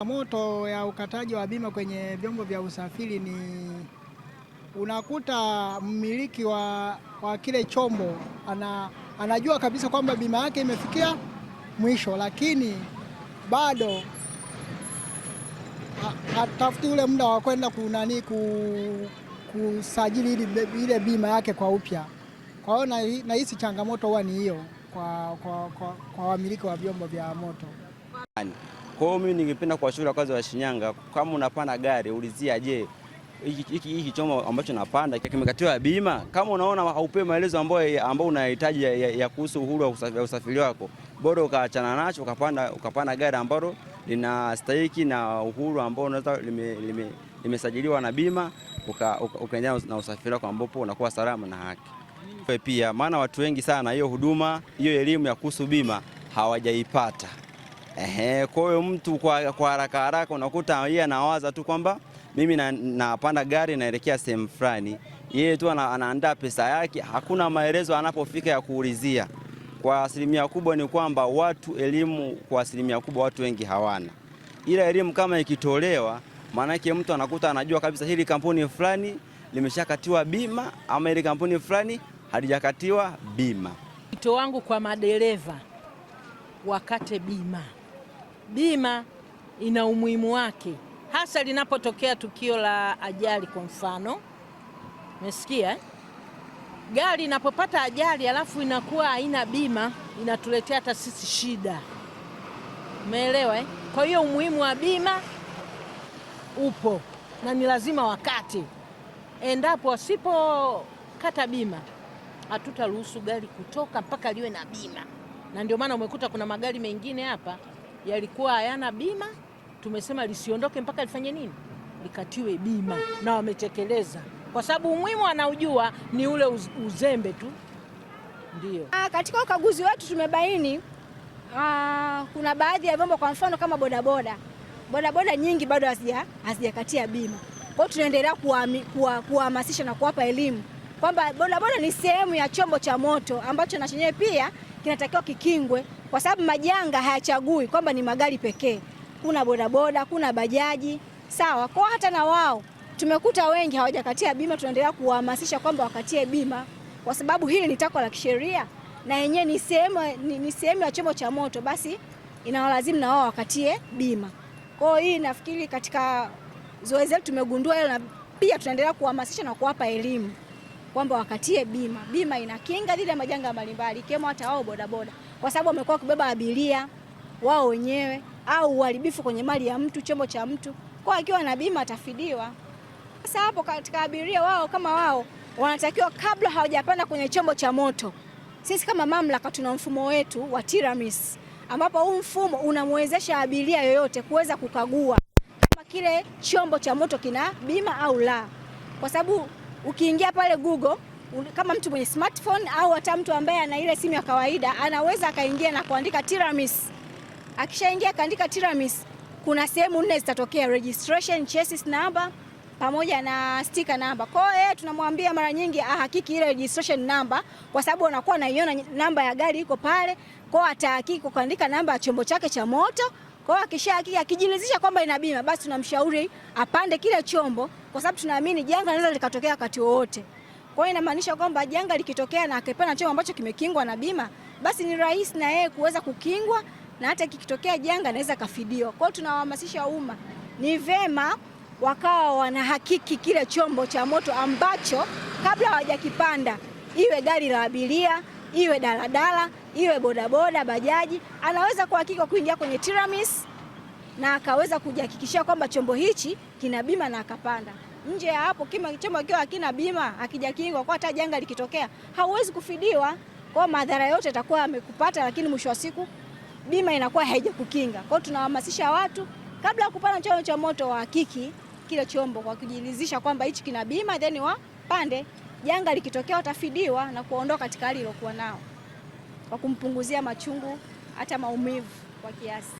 Changamoto ya ukataji wa bima kwenye vyombo vya usafiri ni unakuta mmiliki wa, wa kile chombo ana, anajua kabisa kwamba bima yake imefikia mwisho, lakini bado hatafuti ule muda wa kwenda kunani kusajili ile bima yake kwa upya. Kwa hiyo nahisi changamoto huwa ni hiyo kwa, kwa, kwa, kwa wamiliki wa vyombo vya moto. Kwa hiyo mimi ningependa kuwashauri wakazi wa Shinyanga, kama unapanda gari ulizia, je, hiki chombo ambacho napanda kimekatiwa bima? Kama unaona haupewi maelezo ambayo ambayo unahitaji ya, ya, ya kuhusu uhuru wa usafiri, usafiri wako, bora ukaachana nacho ukapanda, ukapanda gari ambalo linastahiki na uhuru ambao unaweza limesajiliwa lime, lime na bima, ukaendelea uka, uka na usafiri wako ambapo unakuwa salama na haki pia, maana watu wengi sana hiyo huduma hiyo elimu ya kuhusu bima hawajaipata. Ehe, kwa hiyo mtu kwa, kwa haraka haraka unakuta yeye anawaza tu kwamba mimi napanda na gari naelekea sehemu fulani, yeye tu anaandaa pesa yake, hakuna maelezo anapofika ya kuulizia. Kwa asilimia kubwa ni kwamba watu elimu, kwa asilimia kubwa watu wengi hawana, ila elimu kama ikitolewa, maanake mtu anakuta anajua kabisa hili kampuni fulani limeshakatiwa bima ama hili kampuni fulani halijakatiwa bima. Wito wangu kwa madereva wakate bima bima ina umuhimu wake, hasa linapotokea tukio la ajali. Kwa mfano, umesikia eh? Gari inapopata ajali alafu inakuwa haina bima, inatuletea hata sisi shida, umeelewa eh? Kwa hiyo umuhimu wa bima upo na ni lazima wakati, endapo wasipokata bima hatutaruhusu gari kutoka mpaka liwe na bima, na ndio maana umekuta kuna magari mengine hapa yalikuwa hayana bima, tumesema lisiondoke mpaka lifanye nini, likatiwe bima, na wametekeleza kwa sababu umuhimu anaujua, ni ule uzembe tu ndio. Ah, katika ukaguzi wetu tumebaini aa, ah, kuna baadhi ya vyombo, kwa mfano kama bodaboda bodaboda nyingi bado hazijakatia bima. Kwa hiyo tunaendelea kuwahamasisha na kuwapa elimu kwamba bodaboda ni sehemu ya chombo cha moto ambacho na chenyewe pia kinatakiwa kikingwe kwa sababu majanga hayachagui kwamba ni magari pekee, kuna bodaboda, kuna bajaji sawa. Kwa hata na wao tumekuta wengi hawajakatia bima, tunaendelea kuwahamasisha kwamba wakatie bima, kwa sababu hili ni takwa la kisheria na yenyewe ni sehemu ni sehemu ya chombo cha moto, basi inawalazimu na wao wakatie bima. Kwa hiyo hii nafikiri katika zoezi letu tumegundua hilo, na pia tunaendelea kuhamasisha na kuwapa elimu kwamba wakatie bima. Bima inakinga dhidi ya majanga mbalimbali ikiwemo hata wao bodaboda, kwa sababu wamekuwa kubeba abiria wao wenyewe au uharibifu kwenye mali ya mtu, chombo cha mtu, kwa akiwa na bima atafidiwa. Sasa hapo katika abiria wao kama wao wanatakiwa kabla hawajapanda kwenye chombo cha moto. Sisi kama mamlaka tuna mfumo wetu wa TIRAMIS ambapo huu mfumo unamwezesha abiria yoyote kuweza kukagua kama kile chombo cha moto kina bima au la, kwa sababu ukiingia pale Google kama mtu mwenye smartphone au hata mtu ambaye ana ile simu ya kawaida anaweza akaingia na kuandika tiramisu. Akishaingia akaandika tiramisu, kuna sehemu nne zitatokea: registration chassis number pamoja na sticker number. Kwa hiyo tunamwambia mara nyingi ahakiki ile registration number, kwa sababu anakuwa anaiona namba ya gari iko pale. Kwa hiyo atahakiki kuandika namba ya chombo chake cha moto kwa hiyo akisha akijilizisha kwamba ina bima, basi tunamshauri apande kile chombo, kwa sababu tunaamini janga linaweza likatokea wakati wowote. Kwa hiyo inamaanisha kwamba janga likitokea na akipanda chombo ambacho kimekingwa na bima, basi ni rahisi na yeye kuweza kukingwa na hata kikitokea janga anaweza kafidiwa. Kwa hiyo tunawahamasisha umma, ni vema wakawa wanahakiki kile chombo cha moto ambacho kabla hawajakipanda, iwe gari la abiria iwe daladala, iwe bodaboda, bajaji, anaweza kwa kuingia kwenye tiramis na akaweza kujihakikishia kwamba chombo hichi kina bima na akapanda. Nje ya hapo, kima chombo kio hakina bima, hakijakingwa, kwa hata janga likitokea hauwezi kufidiwa, kwa madhara yote atakuwa amekupata, lakini mwisho wa siku bima inakuwa haijakukinga. Kwa hiyo tunawahamasisha watu kabla ya kupanda chombo cha moto wahakiki kile chombo kwa kujiridhisha kwamba hichi kina bima, then wapande janga likitokea watafidiwa na kuwaondoa katika hali iliyokuwa nao kwa kumpunguzia machungu hata maumivu kwa kiasi.